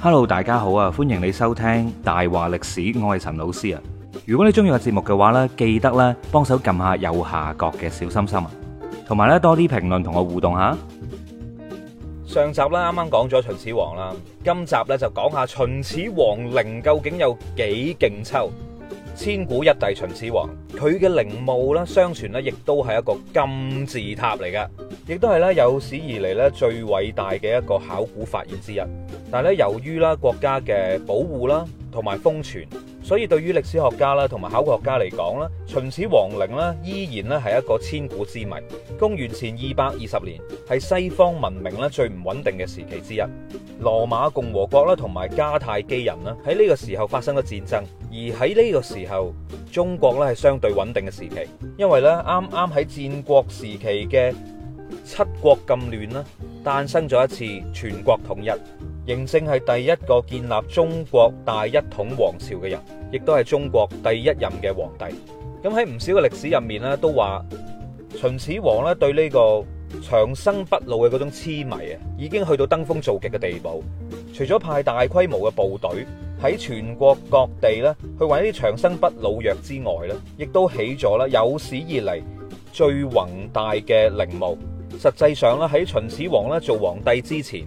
hello，大家好啊！歡迎你收聽大話歷史，我係陳老師啊。如果你中意個節目嘅話呢，記得咧幫手撳下右下角嘅小心心啊，同埋咧多啲評論同我互動下。上集咧啱啱講咗秦始皇啦，今集呢就講下秦始皇陵究竟有幾勁抽？千古一帝秦始皇，佢嘅陵墓呢相傳呢亦都係一個金字塔嚟㗎，亦都係呢有史以嚟呢最偉大嘅一個考古發現之一。但係咧，由於啦國家嘅保護啦，同埋封存，所以對於歷史學家啦，同埋考古學家嚟講啦，秦始皇陵咧，依然咧係一個千古之謎。公元前二百二十年係西方文明咧最唔穩定嘅時期之一。羅馬共和國啦，同埋迦太基人啦，喺呢個時候發生咗戰爭，而喺呢個時候中國咧係相對穩定嘅時期，因為咧啱啱喺戰國時期嘅七國禁亂啦，誕生咗一次全國統一。嬴政係第一個建立中國大一統王朝嘅人，亦都係中國第一任嘅皇帝。咁喺唔少嘅歷史入面咧，都話秦始皇咧對呢個長生不老嘅嗰種癡迷啊，已經去到登峰造極嘅地步。除咗派大規模嘅部隊喺全國各地咧去搵啲長生不老藥之外咧，亦都起咗啦有史以嚟最宏大嘅陵墓。實際上咧，喺秦始皇咧做皇帝之前，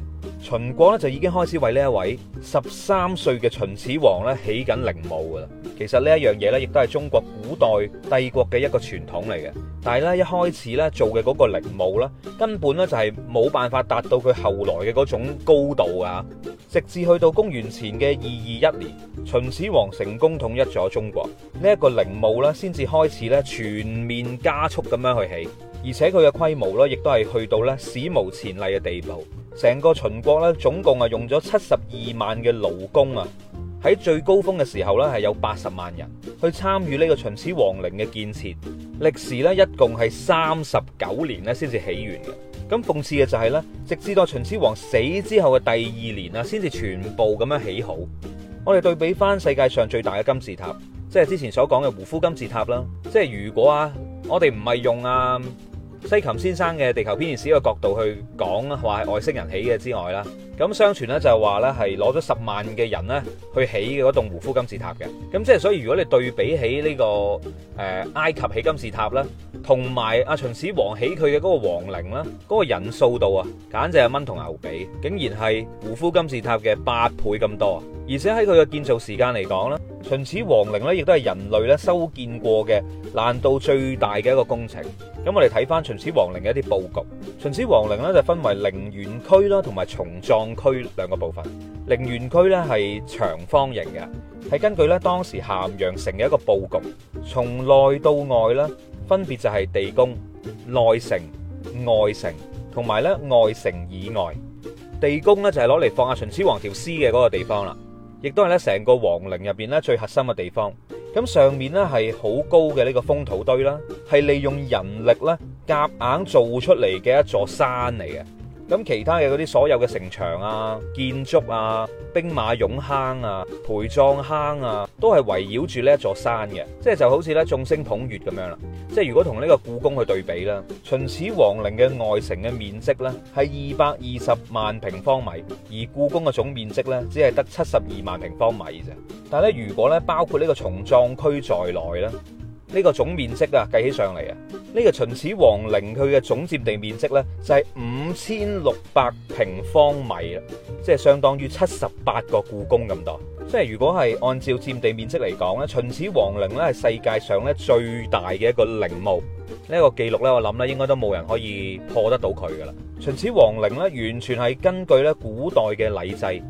秦國咧就已經開始為呢一位十三歲嘅秦始皇咧起緊陵墓噶啦。其實呢一樣嘢咧，亦都係中國古代帝國嘅一個傳統嚟嘅。但係咧一開始咧做嘅嗰個陵墓咧，根本咧就係冇辦法達到佢後來嘅嗰種高度啊！直至去到公元前嘅二二一年，秦始皇成功統一咗中國，呢一個陵墓咧先至開始咧全面加速咁樣去起，而且佢嘅規模咧，亦都係去到咧史無前例嘅地步。成個秦國咧，總共啊用咗七十二萬嘅勞工啊，喺最高峰嘅時候咧，係有八十萬人去參與呢個秦始皇陵嘅建設。歷時咧一共係三十九年咧，先至起源嘅。咁諷刺嘅就係咧，直至到秦始皇死之後嘅第二年啊，先至全部咁樣起好。我哋對比翻世界上最大嘅金字塔，即係之前所講嘅胡夫金字塔啦，即係如果啊，我哋唔係用啊。西琴先生嘅地球編年史嘅角度去講，話係外星人起嘅之外啦，咁相傳咧就話咧係攞咗十萬嘅人咧去起嗰棟胡夫金字塔嘅，咁即係所以如果你對比起呢、這個誒、呃、埃及起金字塔咧。同埋阿秦始皇起佢嘅嗰個皇陵啦，嗰個引數度啊，簡直係蚊同牛髀，竟然係胡夫金字塔嘅八倍咁多啊。而且喺佢嘅建造時間嚟講咧，秦始皇陵咧亦都係人類咧修建過嘅難度最大嘅一個工程。咁我哋睇翻秦始皇陵嘅一啲佈局，秦始皇陵咧就分為陵園區啦，同埋從葬區兩個部分。陵園區咧係長方形嘅，係根據咧當時咸陽城嘅一個佈局，從內到外啦。分別就係地宮、內城、外城，同埋咧外城以外，地宮咧就係攞嚟放阿秦始皇條屍嘅嗰個地方啦，亦都係咧成個皇陵入邊咧最核心嘅地方。咁上面咧係好高嘅呢個封土堆啦，係利用人力咧夾硬做出嚟嘅一座山嚟嘅。咁其他嘅嗰啲所有嘅城牆啊、建築啊、兵馬俑坑啊、陪葬坑啊，都係圍繞住呢一座山嘅，即係就好似咧眾星捧月咁樣啦。即係如果同呢個故宮去對比啦，秦始皇陵嘅外城嘅面積呢係二百二十萬平方米，而故宮嘅總面積呢只係得七十二萬平方米啫。但係咧，如果咧包括呢個重葬區在內呢？呢個總面積啊，計起上嚟，啊，呢個秦始皇陵佢嘅總佔地面積呢，就係五千六百平方米，即係相當於七十八個故宮咁多。即係如果係按照佔地面積嚟講呢，秦始皇陵呢係世界上呢最大嘅一個陵墓，呢個記錄呢，我諗咧應該都冇人可以破得到佢噶啦。秦始皇陵呢，完全係根據呢古代嘅禮制。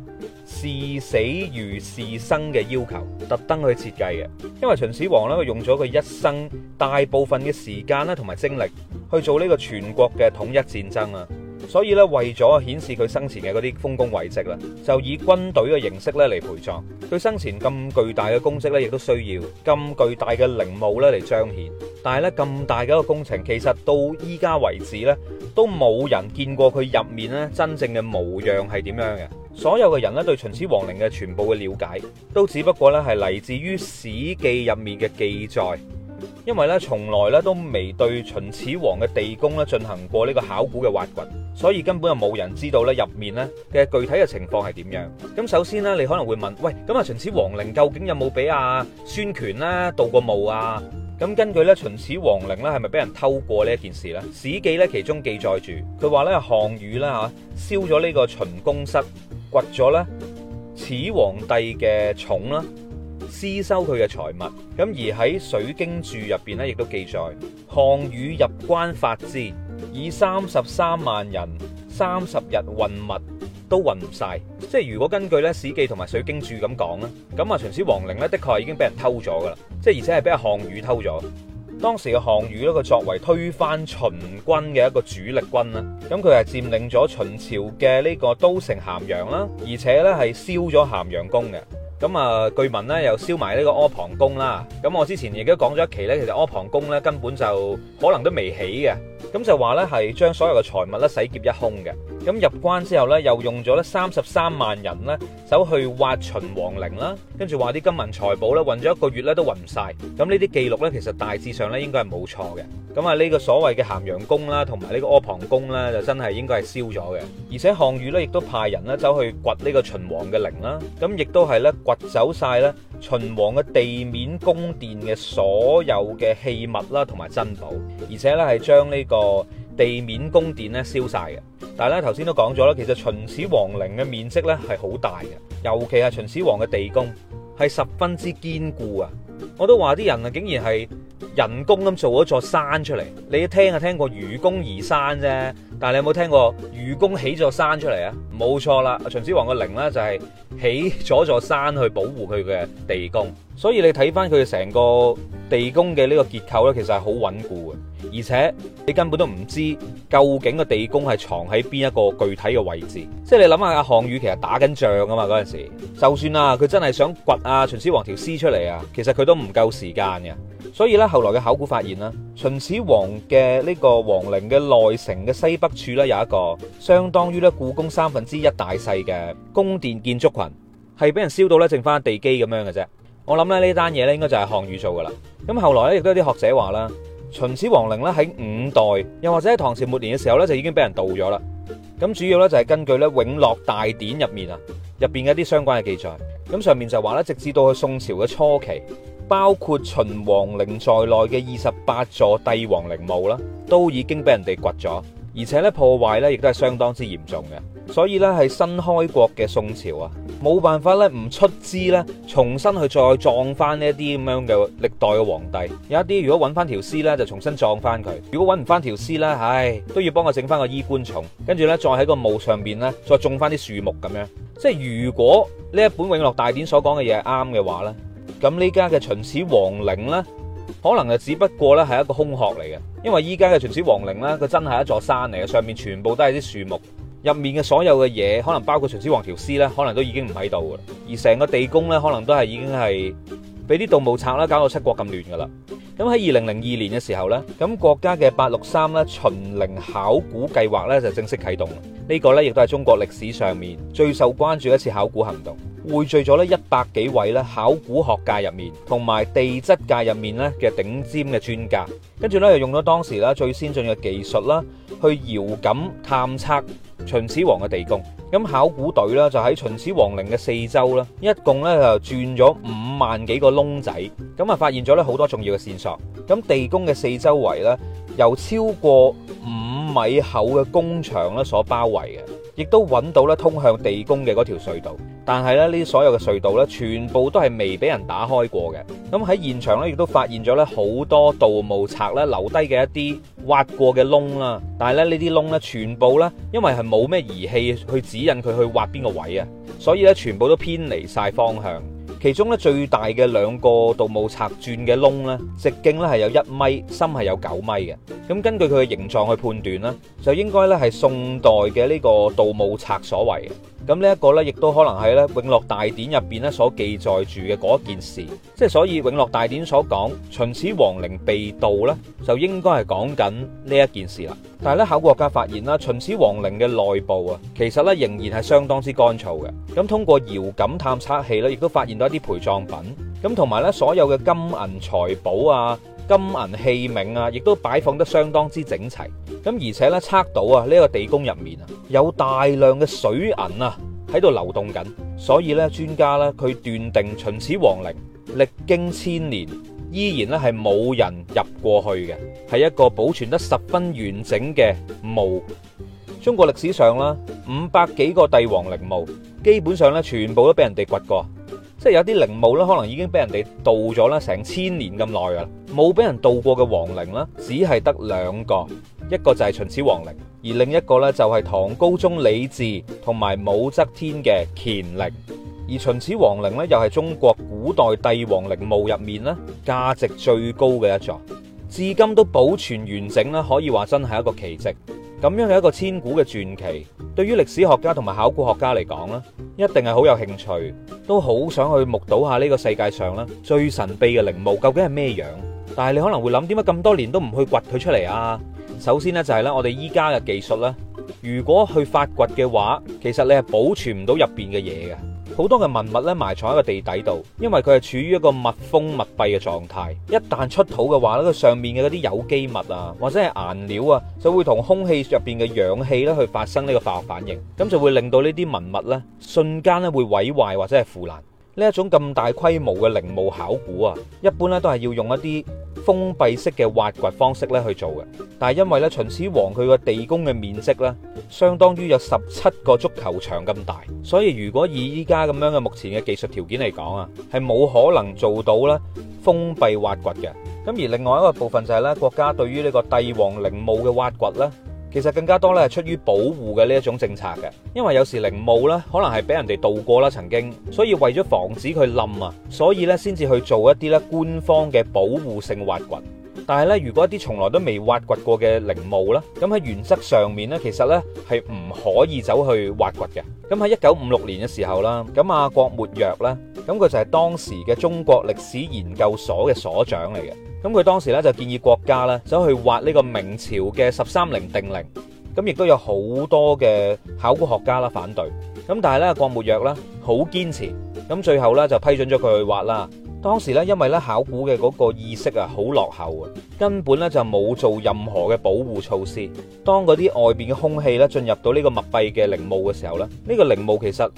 事死如事生嘅要求，特登去設計嘅。因為秦始皇咧，佢用咗佢一生大部分嘅時間咧，同埋精力去做呢個全國嘅統一戰爭啊。所以咧，為咗顯示佢生前嘅嗰啲豐功偉績啦，就以軍隊嘅形式咧嚟陪葬。佢生前咁巨大嘅功績咧，亦都需要咁巨大嘅陵墓咧嚟彰顯。但係咧，咁大嘅一個工程，其實到依家為止咧，都冇人見過佢入面咧真正嘅模樣係點樣嘅。所有嘅人咧，對秦始皇陵嘅全部嘅了解，都只不過咧係嚟自於《史記》入面嘅記載，因為咧從來咧都未對秦始皇嘅地宮咧進行過呢個考古嘅挖掘，所以根本就冇人知道咧入面咧嘅具體嘅情況係點樣。咁首先咧，你可能會問：喂，咁啊秦始皇陵究竟有冇俾阿孫權咧盜過墓啊？咁根據咧秦始皇陵咧係咪俾人偷過呢一件事咧，《史記》咧其中記載住佢話咧，項羽啦吓燒咗呢個秦宮室。掘咗咧始皇帝嘅冢啦，私收佢嘅財物。咁而喺《水經注》入邊咧，亦都記載項羽入關發之，以三十三萬人三十日運物都運唔晒。即係如果根據咧《史記》同埋《水經注》咁講咧，咁啊秦始皇陵咧的確係已經俾人偷咗噶啦，即係而且係俾阿項羽偷咗。當時嘅項羽咧，佢作為推翻秦軍嘅一個主力軍啦，咁佢係佔領咗秦朝嘅呢個都城咸陽啦，而且咧係燒咗咸陽宮嘅，咁啊據聞咧又燒埋呢個阿房宮啦，咁我之前亦都講咗一期咧，其實阿房宮咧根本就可能都未起嘅，咁就話咧係將所有嘅財物咧洗劫一空嘅。咁入關之後咧，又用咗咧三十三萬人咧，走去挖秦皇陵啦，跟住話啲金銀財寶咧，運咗一個月咧都運唔晒。咁呢啲記錄咧，其實大致上咧應該係冇錯嘅。咁啊，呢個所謂嘅咸陽宮啦，同埋呢個阿房宮咧，就真係應該係燒咗嘅。而且項羽咧，亦都派人咧走去掘呢個秦皇嘅陵啦。咁亦都係咧掘走晒咧秦皇嘅地面宮殿嘅所有嘅器物啦，同埋珍寶，而且咧係將呢個。地面宮殿咧燒晒嘅，但係咧頭先都講咗啦，其實秦始皇陵嘅面積咧係好大嘅，尤其係秦始皇嘅地宮係十分之堅固啊！我都話啲人啊，竟然係人工咁做咗座山出嚟，你一聽啊，聽過愚公移山啫，但係你有冇聽過愚公起咗山出嚟啊？冇錯啦，秦始皇嘅陵咧就係起咗座山去保護佢嘅地宮，所以你睇翻佢成個地宮嘅呢個結構咧，其實係好穩固嘅。而且你根本都唔知究竟個地宮係藏喺邊一個具體嘅位置，即係你諗下阿項羽其實打緊仗啊嘛嗰陣時，就算啊佢真係想掘啊秦始皇條屍出嚟啊，其實佢都唔夠時間嘅。所以呢，後來嘅考古發現啦，秦始皇嘅呢個皇陵嘅內城嘅西北處呢，有一個相當於咧故宮三分之一大細嘅宮殿建築群，係俾人燒到呢，剩翻地基咁樣嘅啫。我諗咧呢單嘢呢，應該就係項羽做噶啦。咁後來呢，亦都有啲學者話啦。秦始皇陵咧喺五代，又或者喺唐朝末年嘅時候咧就已經俾人盜咗啦。咁主要咧就係根據咧《永樂大典》入面啊，入邊嘅一啲相關嘅記載。咁上面就話咧，直至到去宋朝嘅初期，包括秦皇陵在內嘅二十八座帝王陵墓啦，都已經俾人哋掘咗，而且咧破壞咧亦都係相當之嚴重嘅。所以咧係新開國嘅宋朝啊。冇辦法咧，唔出資咧，重新去再葬翻呢一啲咁樣嘅歷代嘅皇帝，有一啲如果揾翻條屍咧，就重新葬翻佢；如果揾唔翻條屍咧，唉，都要幫佢整翻個衣冠冢，跟住咧再喺個墓上邊咧再種翻啲樹木咁樣。即係如果呢一本《永樂大典》所講嘅嘢係啱嘅話呢，咁呢家嘅秦始皇陵呢，可能就只不過咧係一個空殼嚟嘅，因為依家嘅秦始皇陵呢，佢真係一座山嚟嘅，上面全部都係啲樹木。入面嘅所有嘅嘢，可能包括秦始皇條屍咧，可能都已經唔喺度嘅，而成個地宮咧，可能都係已經係俾啲盜墓賊啦搞到七國咁亂噶啦。咁喺二零零二年嘅時候咧，咁國家嘅八六三咧秦陵考古計劃咧就正式啟動。呢個咧亦都係中國歷史上面最受關注一次考古行動，匯聚咗咧一百幾位咧考古學界入面同埋地質界入面咧嘅頂尖嘅專家，跟住咧又用咗當時咧最先進嘅技術啦，去遙感探測秦始皇嘅地宮。咁考古隊咧就喺秦始皇陵嘅四周啦，一共咧就轉咗五萬幾個窿仔，咁啊發現咗咧好多重要嘅線索。咁地宮嘅四周圍咧，由超過五米厚嘅宮牆咧所包圍嘅，亦都揾到咧通向地宮嘅嗰條隧道。但係咧呢所有嘅隧道咧，全部都係未俾人打開過嘅。咁喺現場咧亦都發現咗咧好多盜墓賊咧留低嘅一啲挖過嘅窿啦。但係咧呢啲窿咧全部咧因為係冇咩儀器去指引佢去挖邊個位啊，所以咧全部都偏離晒方向。其中咧最大嘅兩個盜墓賊鑽嘅窿咧，直徑咧係有一米，深係有九米嘅。咁根據佢嘅形狀去判斷咧，就應該咧係宋代嘅呢個盜墓賊所為嘅。咁呢一個呢，亦都可能係咧《永樂大典》入邊咧所記載住嘅嗰一件事，即係所以《永樂大典》所講秦始皇陵被盜呢，就應該係講緊呢一件事啦。但係咧，考古學家發現啦，秦始皇陵嘅內部啊，其實呢，仍然係相當之乾燥嘅。咁通過遙感探測器呢，亦都發現到一啲陪葬品，咁同埋呢所有嘅金銀財寶啊。金銀器皿啊，亦都擺放得相當之整齊。咁而且咧，測到啊呢一個地宮入面啊，有大量嘅水銀啊喺度流動緊。所以咧，專家咧佢斷定秦始皇陵歷經千年依然咧係冇人入過去嘅，係一個保存得十分完整嘅墓。中國歷史上啦，五百幾個帝王陵墓，基本上咧全部都俾人哋掘過。即係有啲陵墓咧，可能已經俾人哋盜咗啦，成千年咁耐啦，冇俾人盜過嘅皇陵呢，只係得兩個，一個就係秦始皇陵，而另一個呢，就係唐高宗李治同埋武則天嘅乾陵。而秦始皇陵呢，又係中國古代帝王陵墓入面呢，價值最高嘅一座，至今都保存完整啦，可以話真係一個奇跡。咁樣係一個千古嘅傳奇，對於歷史學家同埋考古學家嚟講咧，一定係好有興趣，都好想去目睹下呢個世界上咧最神秘嘅陵墓究竟係咩樣。但係你可能會諗，點解咁多年都唔去掘佢出嚟啊？首先呢，就係咧，我哋依家嘅技術咧，如果去發掘嘅話，其實你係保存唔到入邊嘅嘢嘅。好多嘅文物咧埋藏喺個地底度，因為佢係處於一個密封密閉嘅狀態。一旦出土嘅話咧，個上面嘅嗰啲有機物啊，或者係顏料啊，就會同空氣入邊嘅氧氣咧去發生呢個化學反應，咁就會令到呢啲文物咧瞬間咧會毀壞或者係腐爛。呢一種咁大規模嘅陵墓考古啊，一般咧都係要用一啲封閉式嘅挖掘方式咧去做嘅。但係因為咧秦始皇佢個地宮嘅面積咧，相當於有十七個足球場咁大，所以如果以依家咁樣嘅目前嘅技術條件嚟講啊，係冇可能做到咧封閉挖掘嘅。咁而另外一個部分就係咧，國家對於呢個帝王陵墓嘅挖掘咧。其實更加多咧係出於保護嘅呢一種政策嘅，因為有時陵墓咧可能係俾人哋盜過啦，曾經，所以為咗防止佢冧啊，所以咧先至去做一啲咧官方嘅保護性挖掘。但係咧，如果一啲從來都未挖掘過嘅陵墓咧，咁喺原則上面咧，其實咧係唔可以走去挖掘嘅。咁喺一九五六年嘅時候啦，咁阿郭沫若咧，咁佢就係當時嘅中國歷史研究所嘅所長嚟嘅。咁佢當時咧就建議國家咧走去挖呢個明朝嘅十三陵定陵，咁亦都有好多嘅考古學家啦反對。咁但係咧郭沫若咧好堅持，咁最後咧就批准咗佢去挖啦。當時咧因為咧考古嘅嗰個意識啊好落後啊，根本咧就冇做任何嘅保護措施。當嗰啲外邊嘅空氣咧進入到呢個密閉嘅陵墓嘅時候咧，呢個陵墓其實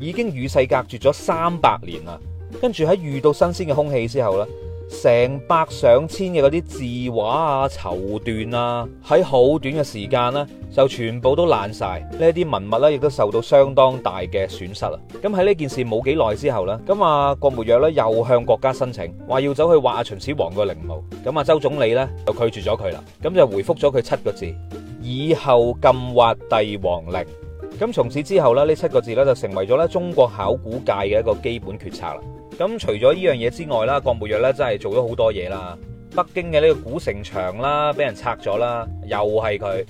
已經與世隔絕咗三百年啦。跟住喺遇到新鮮嘅空氣之後咧。成百上千嘅嗰啲字畫啊、綢緞啊，喺好短嘅時間呢，就全部都爛晒。呢啲文物咧，亦都受到相當大嘅損失啊！咁喺呢件事冇幾耐之後呢，咁啊郭沫若咧又向國家申請，話要走去挖秦始皇嘅陵墓。咁啊周總理呢，就拒絕咗佢啦，咁就回覆咗佢七個字：以後禁挖帝王陵。咁從此之後咧，呢七個字咧就成為咗咧中國考古界嘅一個基本決策啦。咁除咗呢樣嘢之外啦，郭沫若咧真係做咗好多嘢啦。北京嘅呢個古城牆啦，俾人拆咗啦，又係佢。